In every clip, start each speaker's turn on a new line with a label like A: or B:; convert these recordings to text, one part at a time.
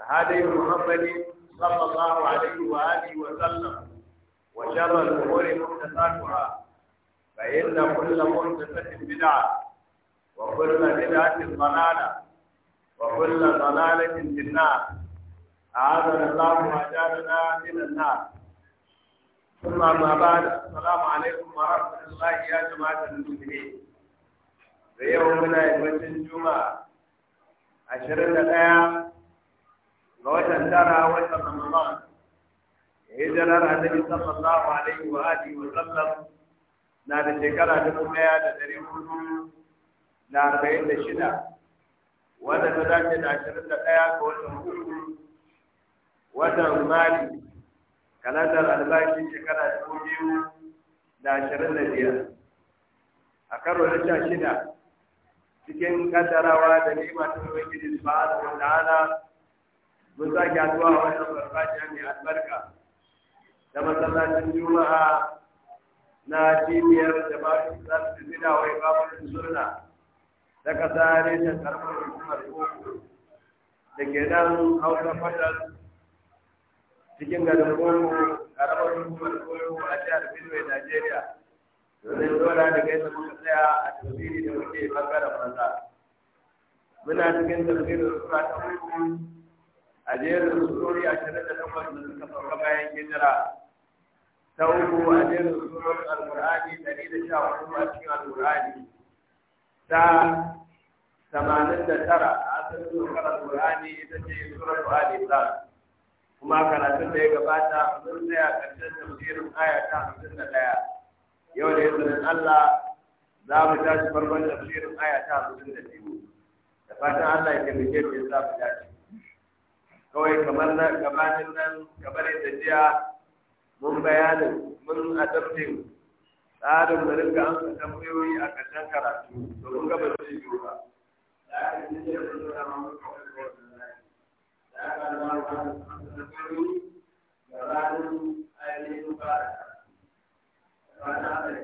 A: هدي محمد صلى الله عليه وآله وسلم وشر الأمور محدثاتها فإن كل محدثة بدعة وكل بدعة ضلالة وكل ضلالة في النار أعاذنا الله وأجارنا من النار ثم ما بعد السلام عليكم ورحمة الله يا جماعة المسلمين في يومنا يوم الجمعة عشرين الأيام ga watan tara watan Ramadan hijirar annabi sallallahu alaihi wa alihi wa sallam na da shekara dubu ɗaya da ɗari hudu da arba'in da shida wanda ta dace da ashirin da ɗaya ga watan uku
B: watan mali
A: kalandar albashi shekara dubu ashirin da biyar a karo cikin da mun sake haduwa a wannan farfajiya mai albarka da masallacin juma'a na cibiyar da ba su za su zina wai babu sunna ta kasa reshen karfar hukumar koko
B: da ke nan hausa
A: fadar cikin garin koko karamar hukumar koko a jihar benue nigeria domin dole da gaisa muka tsaya a tafsiri da muke bangaren maza
B: muna cikin da suna
A: ta hukumar a jerin a shirin da takwas da suka sauka bayan hijira ta uku a jerin al alkur'ani ɗari da sha hudu a cikin alkur'ani ta tamanin da tara a asalin surar alkur'ani ita ce surar ali ta kuma karatun da ya gabata mun tsaya ƙarshen tafsirin aya ta hamsin da ɗaya yau da izinin allah za mu tashi farkon tafsirin aya ta hamsin da biyu da fatan allah ya taimake mu ya sa mu tashi. kawai kamar na gabanin nan kamar yadda jiya mun bayanin mun adabtin tsarin da rinka an su tambayoyi a ƙarshen karatu domin gaba su yi ba. Thank you.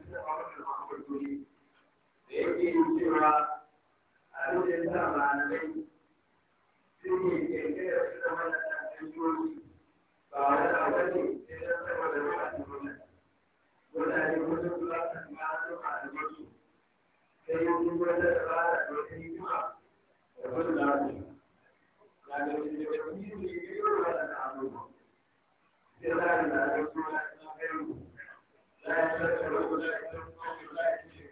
A: kuskure da yake yin cewa a lokacin sa malamai sun yi kirkirar su zama da tantanci ba wani abu ne sai don sama da wani gwamnati mutane wajen kula da masu malamansu sai yin duk wata dabara da wata hikima da wani lafiya na da wani da wani ne ke yi wa wani abubuwa sai za a yi da wani suna cikin haihu za a yi da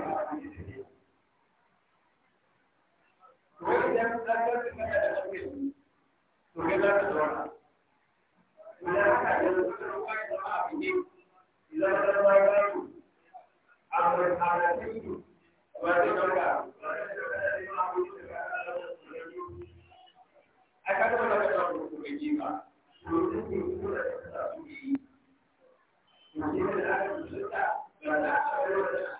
A: idan ka da shi to da zai da da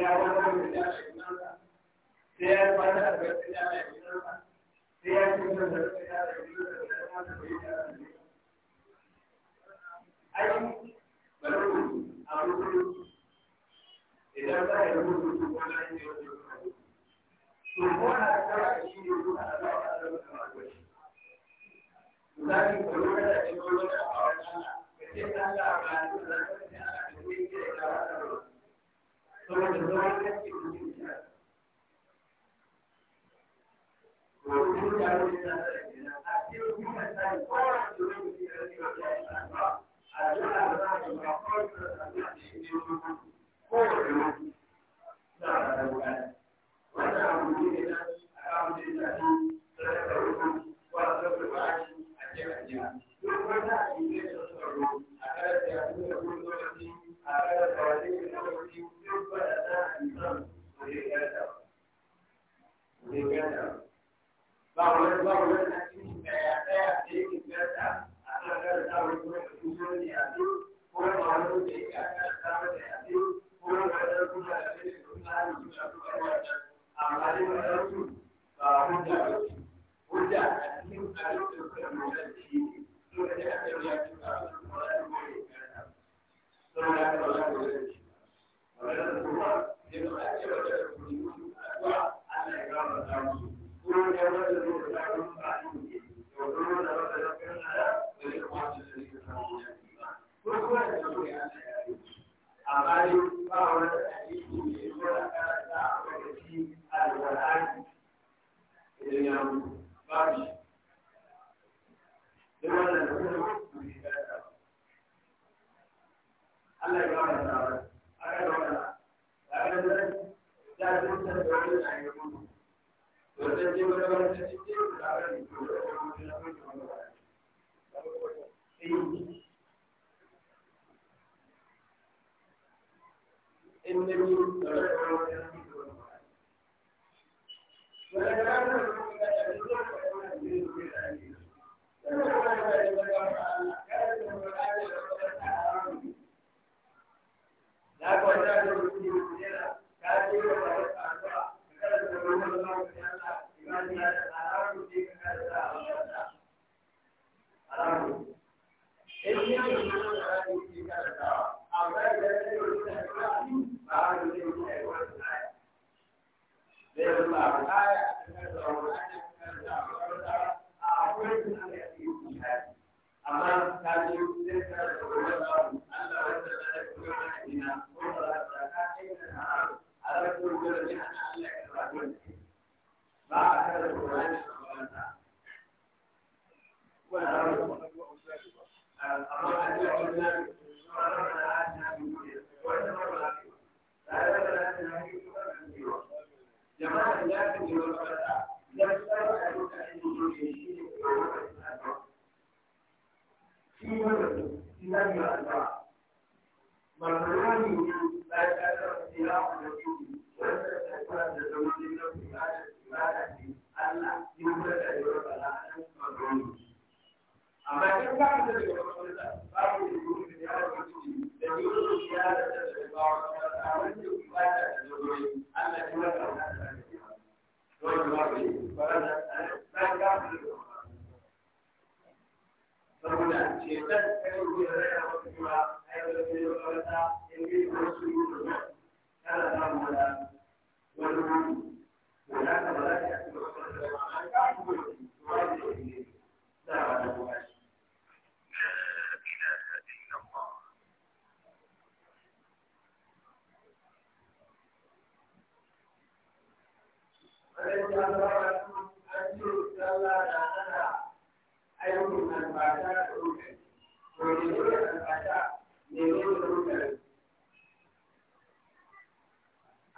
B: ya wani da
A: ya ya ya ya ya na da ko da shi da shi da 所以说，这个技术就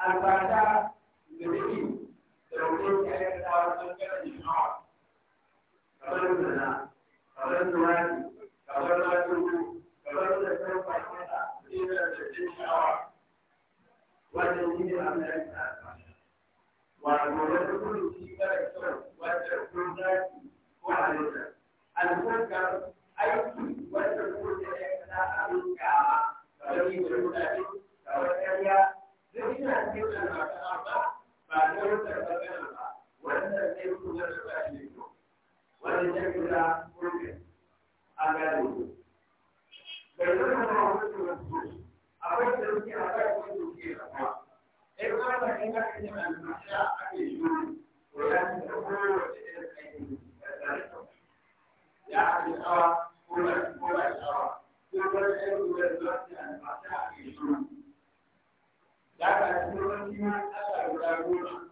A: albarka da take da rukunin ya yi da wajen kada jima'a kamar zana kamar zuwani kamar matuku kamar da kan fahimta da yin da jin sha'awa wannan shi ne abin da ya ta wato wani kudu shi kara kyau wajen kun zaki ko halitta ta aiki wajen kudu ya yi kada abin kama kamar yi da mutane wani shekula kurkin a gado bai zama da wasu wasu akwai da suke a kai kuma suke da kuma in kuma ba in ka kai da masha ake yi to ya ci da kowace irin aiki da tsari ya ake awa ko ba ko ba awa ko ba irin da zuwa ci da masha ake yi ya ka ci wani ma tsara guda goma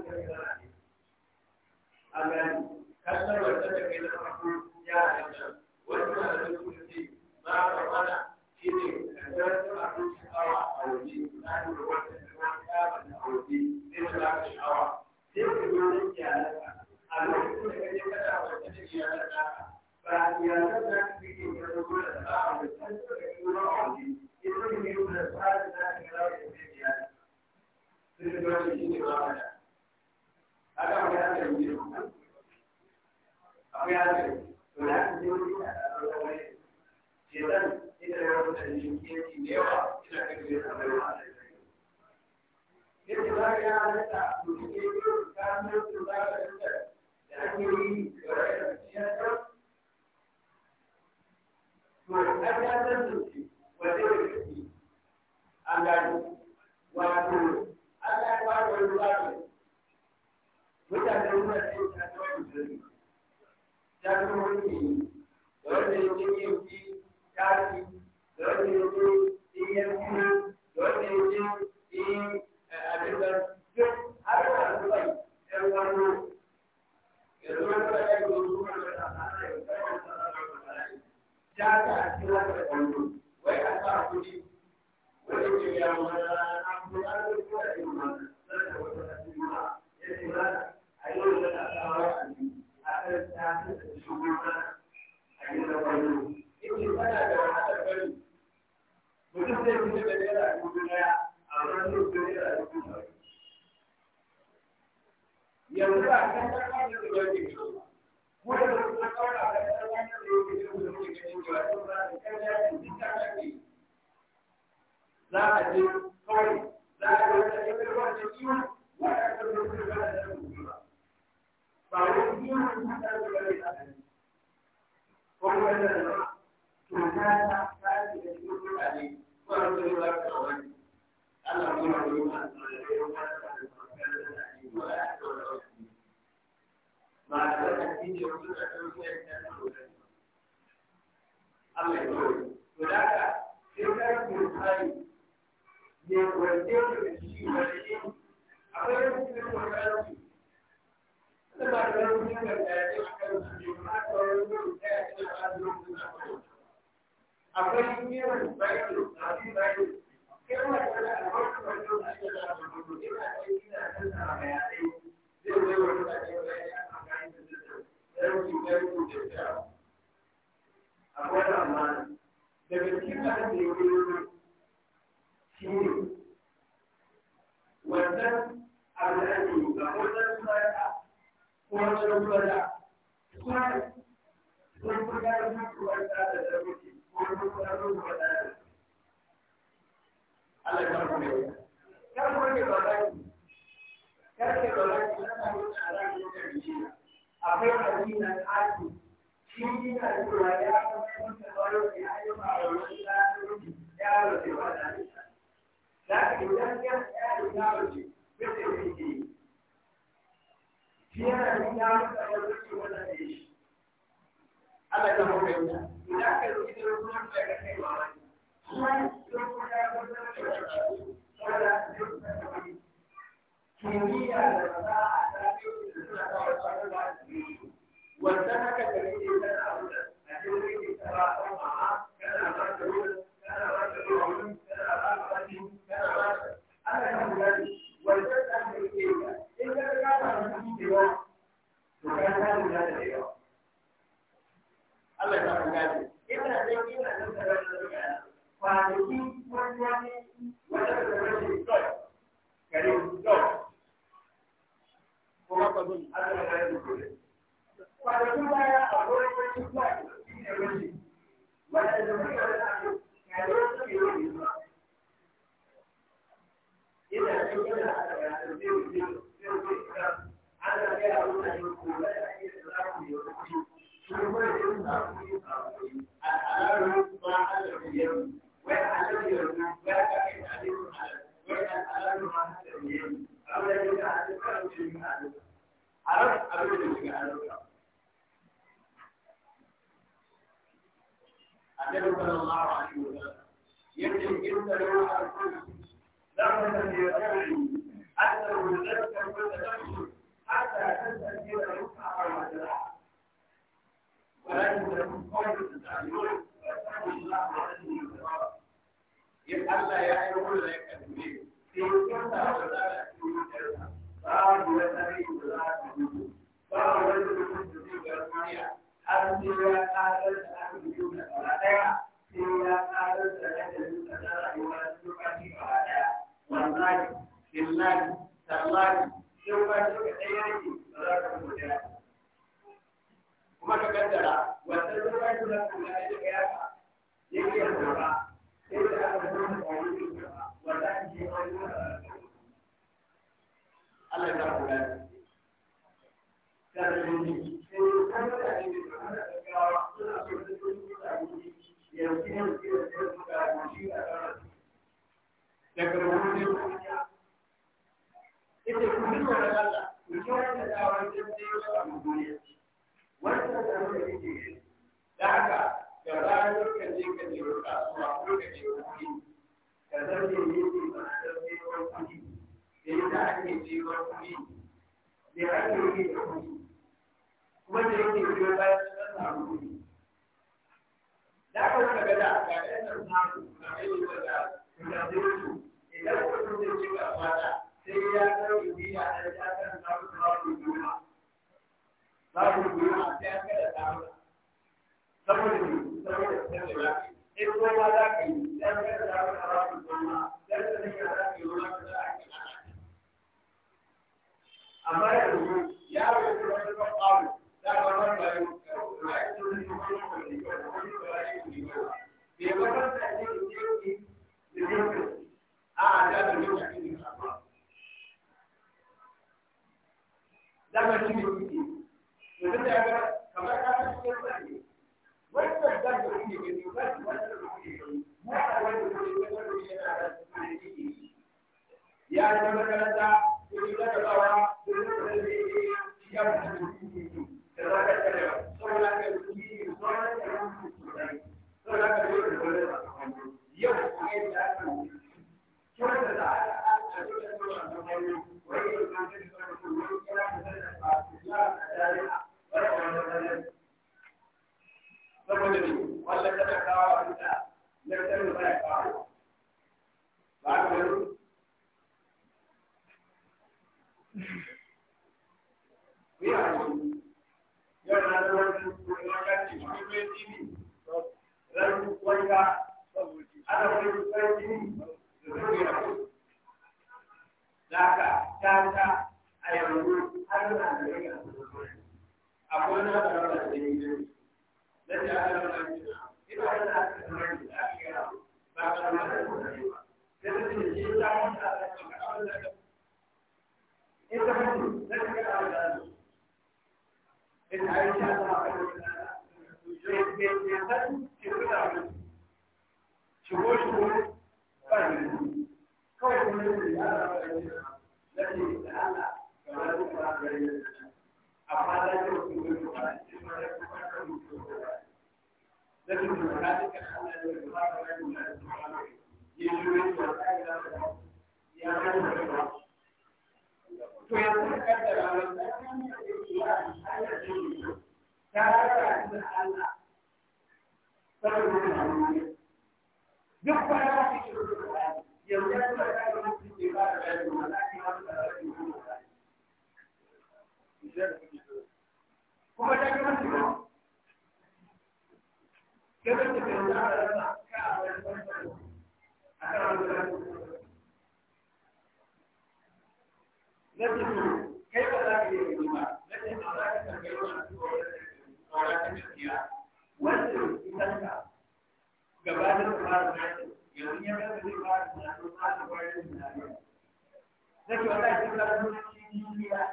A: together. in ba ka da ne da
B: kuma da gawa da
A: su yi da wuri yanzu yadda ku yi wa Allah ku yi wata da wajen da ya wata mu duniya wannan da yi da haka da ranar ka je ka je kasuwa ko ka je kuɗi ka zarge ne ke ba ka zarge kuɗi da yadda ake je wani kuɗi da ake yi da kuɗi kuma da yake biyo bayan sun samu kuɗi da haka wata gada ga ɗan nan samu ga ɗan yi wata da zai su idan kuɗin zai ci sai ya kawo biya da ya kan samu samun goma samun goma ya samu da samu da yanzu da ya ya ya wani kuma ya ya ya dama shi ne kuke yanzu da ga kamar ka san shi ne da kuke da kuke da ya makaranta da da ya yi na ce wata shi na zuwa cikin juriya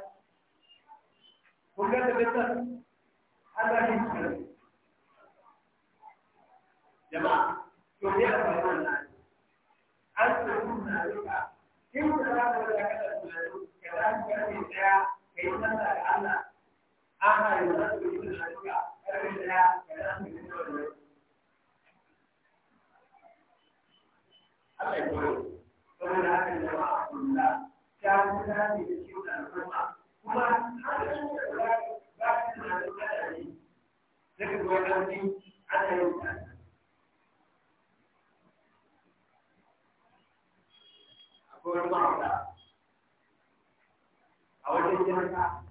A: kun ga tabbatar Allah ne shi jama'a to ne a wannan an tsoro na duka in ku da ba da kada ka da ku da ne da kai nan aha yau da ku da duka kada da ka da ku da Allah ya koyo saboda ya kuma da cikin al'umma kuma haka su da ba ba su da al'umma ne daga gwamnati ana yin ta akwai wani ma'aura a wajen jihar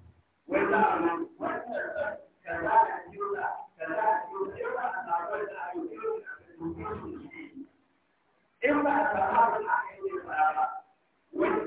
A: wanda a nan wanda kaza a jiyola kaza a jiyola a sabon da a yi in ba a sabon a yi ne ba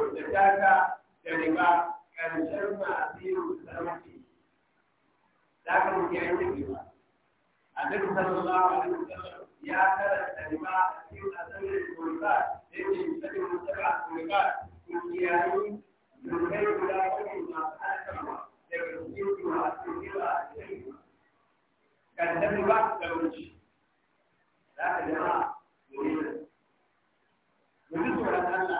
A: da taka da riba ƙarshen masu yin sarki za ka muke yanke riba a duk sallallahu alaihi wasallam ya karanta riba a cikin asalin kurka da yake cikin musaba kurka kungiyayi zurgai guda uku masu alkama daga cikin masu riba a cikin riba ƙarshen riba da wuce za ka jama'a mutum tsoron Allah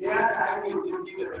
A: Yeah, I mean, you give it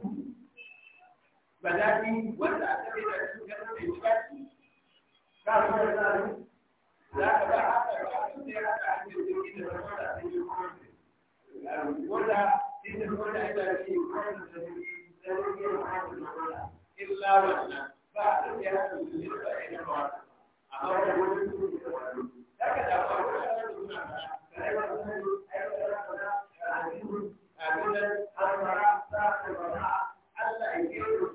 A: ba za yi wanda aka yi da su ga mai bukatu ka kuma da zai za ka ba haka ba su ne haka a cikin jirgi da zama da zai yi kwanci wanda sai da wanda ya da shi kwanci da zai yi da zai yi kwanci da wanda illa wannan ba a da ya haka su ne ba ya yi kwanci amma wanda wani su ne da wani za ka da ba wani ana da suna ba ka yi wani sani aikata da wani a cikin a cikin an fara sa da wani Allah ya yi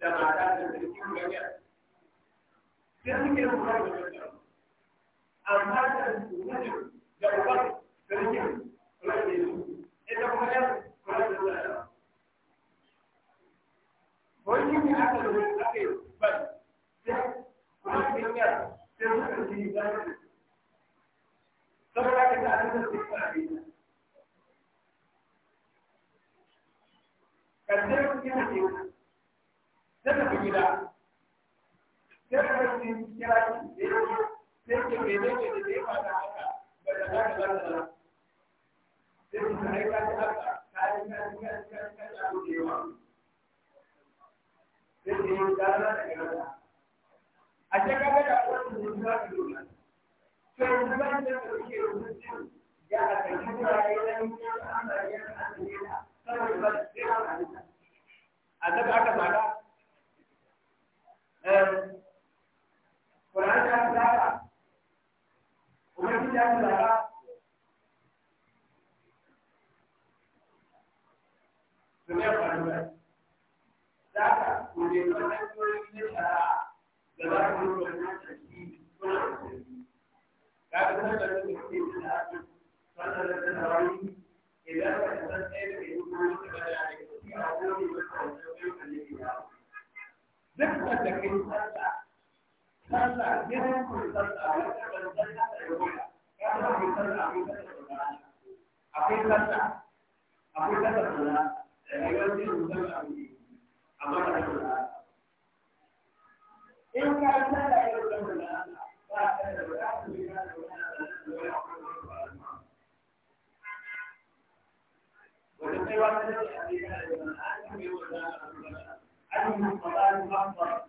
A: da mata da sarki ganya sai suke yin wani amma da wani da wani الله أكبر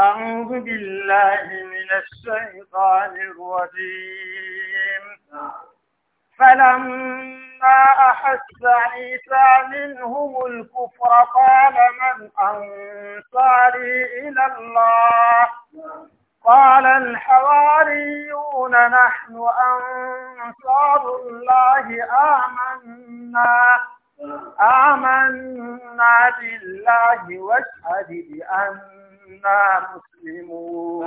B: أعوذ بالله من الشيطان الرجيم فلما أحس عيسى منهم الكفر قال من أنصاري إلى الله قال الحواريون نحن أنصار الله آمنا آمنا بالله واشهد بأن na كنا مسلمون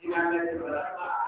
A: Ina ne da rama.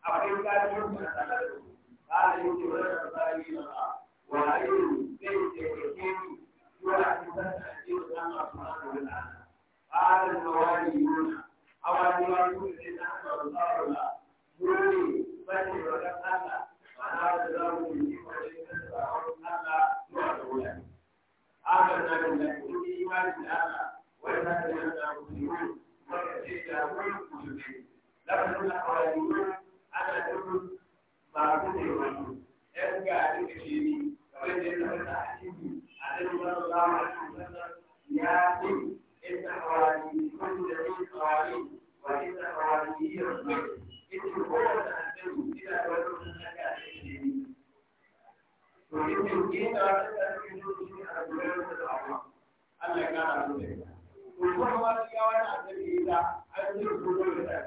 A: akwai kafin da sanarwa ba da ba zai cikin da san masu masu wala ba da mawani yuna awani ma su ne na masu ba da wani ce ana da ba su ne wani ‘yan gari da shi ne kamar da yana wata a cikin a nan ba su zama a cikin ya ce inda hawari kun da ne hawari wa inda hawari yi yanzu ita kowace annabi ina da wani mutum na gari da shi ne. To ita da shi ne shi a gudanar da Allah. Allah ya kara su da ita. Kuma wani gawa na annabi ita an yi gudanar da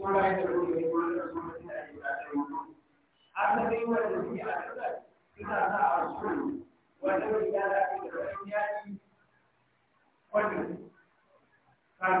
A: kowa ya ruwa ya kowa da kuma suna da bukatar mutum asali wanda suke a kasar suna sa a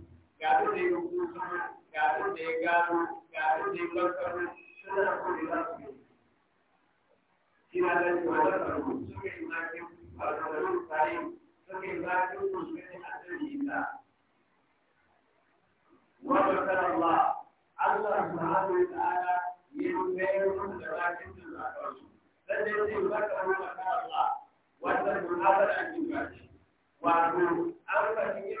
A: ga abin da ya rubutu ga abin da ya gano ga abin da ya barkaro suna da kuma za su yi shi na da shi wajen faru suka yi zafin barkarorin tsarin suka yi zafin kusurin asirin isa
B: wajen Allah
A: Allah subhanahu wa ta'ala ya bayar musu da zafin da zakarsu sai dai sai barkarorin Allah wanda mun haɗa da ake gashi wato an fahimci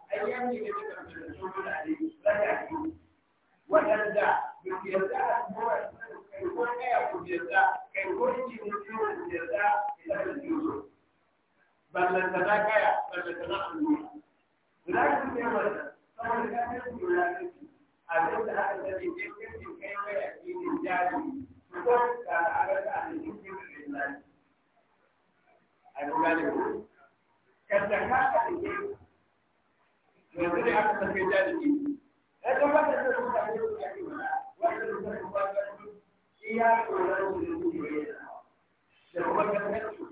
A: ayyan ne da kan da su da wadanda yake da kuma kai ko ne ya da kai da ke
B: da kada ka da yanzu ne aka
A: tafi jami'i ya tabbatar da su kafin su ake mana wanda su kafin kwanfan su shi ya tsoron su da su yi da kuma gangan su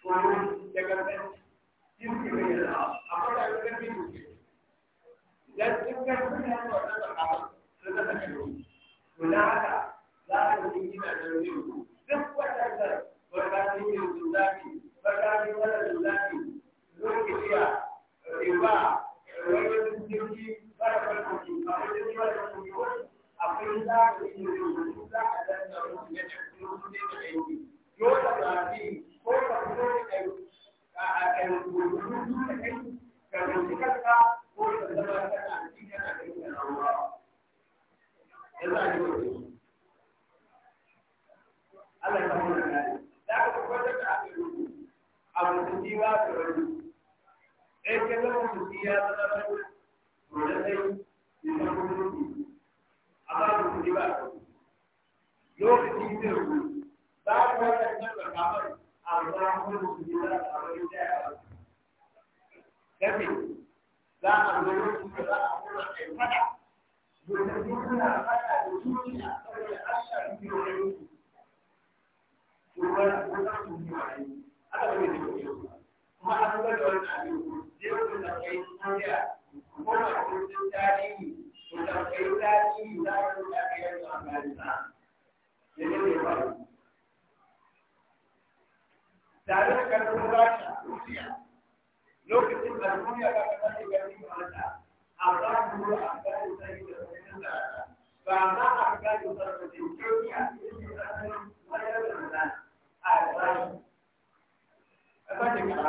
A: tsoron da gangan shi su yi da amma da gangan su ke dan sun ga su yi tsoron da kawo su da kashe su to da haka za a yi gina da yanzu duk wata da wata ne yanzu zafi wata ne da zafi lokaci Allah ya da aka kwatar da aka yi a mutum jiwa da kai eh, ka zama musulmi ya zama kan rodadai da zama musulmi amma ba musulmi ba lokaci zai a wani da ya ba a zo lokaci a kuma kai fada musulmi Kuma, kuma, kuma an ga da wani abin zai wani da kai ko a lokacin da duniya ba a ba mu a gari sai ba a a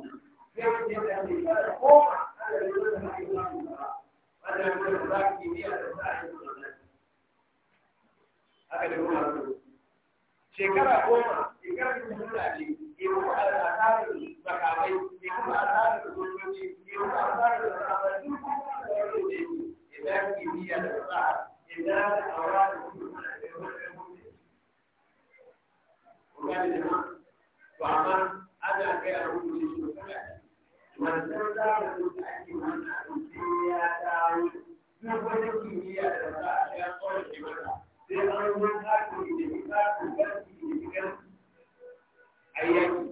A: shekara goma shekara da mutura ne ke kuma al'asarar makamai ke kuma al'asarar sojoji ke kuma al'asarar al'asarar kuma da wani ne idan kimiyya da fasaha idan da aura da kuma da kuma da ana kai a rubuce shi kuma wannan zamanin da ake wannan sai ya dawo duk wani da sai an yi da da ba da da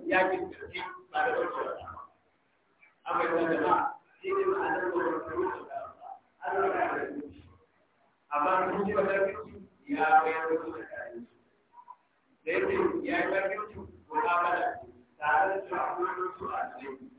A: ya da ya yi ko ta bada tare da a cikin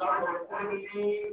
A: الرحيم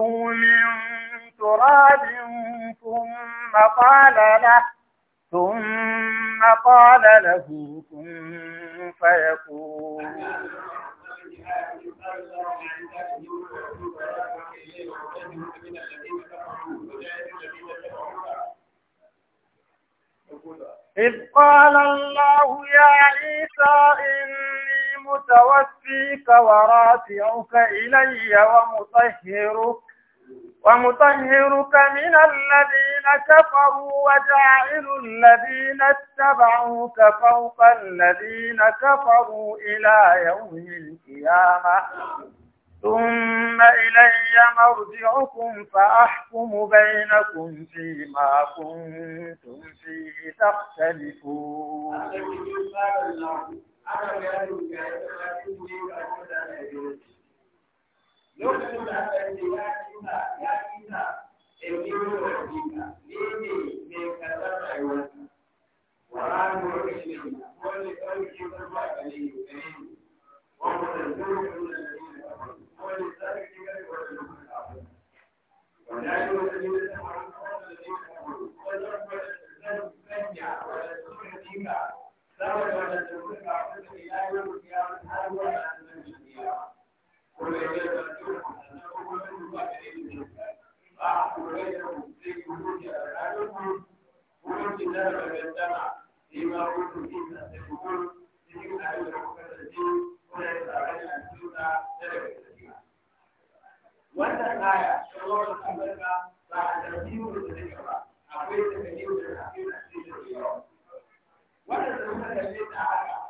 B: خلقه من تراب ثم قال له ثم قال له كن فيكون إذ قال الله يا عيسى إني متوفيك ورافعك إلي ومطهرك ومطهرك من الذين كفروا وجاعل الذين اتبعوك فوق الذين كفروا إلى يوم القيامة ثم إلي مرجعكم فأحكم بينكم فيما كنتم فيه تختلفون lokacin da aka
A: ce ya kisa ya kisa in yi wasiƙa ne ne mai karɓar rayuwarsa wa ranar wani wani wani wani wani zan wannan aya ta zuwa amurka ba a da biyu da take ba akwai da biyu da ake da yawa wannan da muka kalle ta haka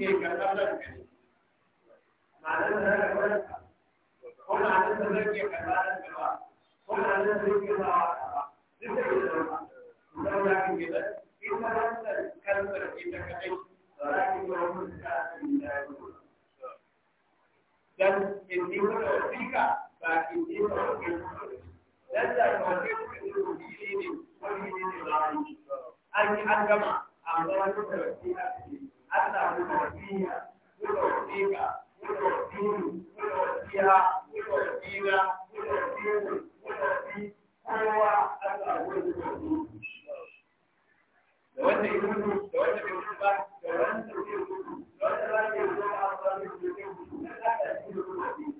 A: suke karɓar ke ma'anar da zaka kwanta ko ma'anar da zan iya karɓa nan gaba ko ma'anar da zan iya zawa gaba duk da ke zama zan za ka gida ita wannan kalmar ce ta ba za ka yi wani suka a cikin da ya zo dan in ji wani wasiƙa ba in ji wani wasiƙa dan da wani wasiƙa ne wani ne ne ba an yi an gama amma wani wasiƙa Allah muna wasiya muna wasiƙa muna wasiru muna wasiya muna wasira muna wasiru muna wasi kowa Allah muna wasiru da wanda ya gudu da wanda bai gudu ba da wanda zai gudu da wanda za ka yi gudu a wani zai gudu na za ka yi gudu da wasi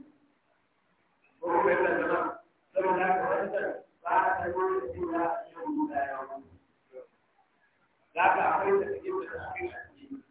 A: ko kuma yana zama saboda haka wancan ba a san wani da shi na yau da yawa. Za ka akwai da cikin da ta fi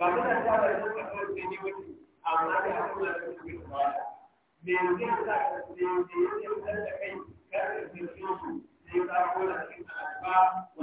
A: ba muna ta ba su ka da ne mutu amma da kula da su ba me zai sa ka ne ne ya da kai kar ka su sai ka kula da ba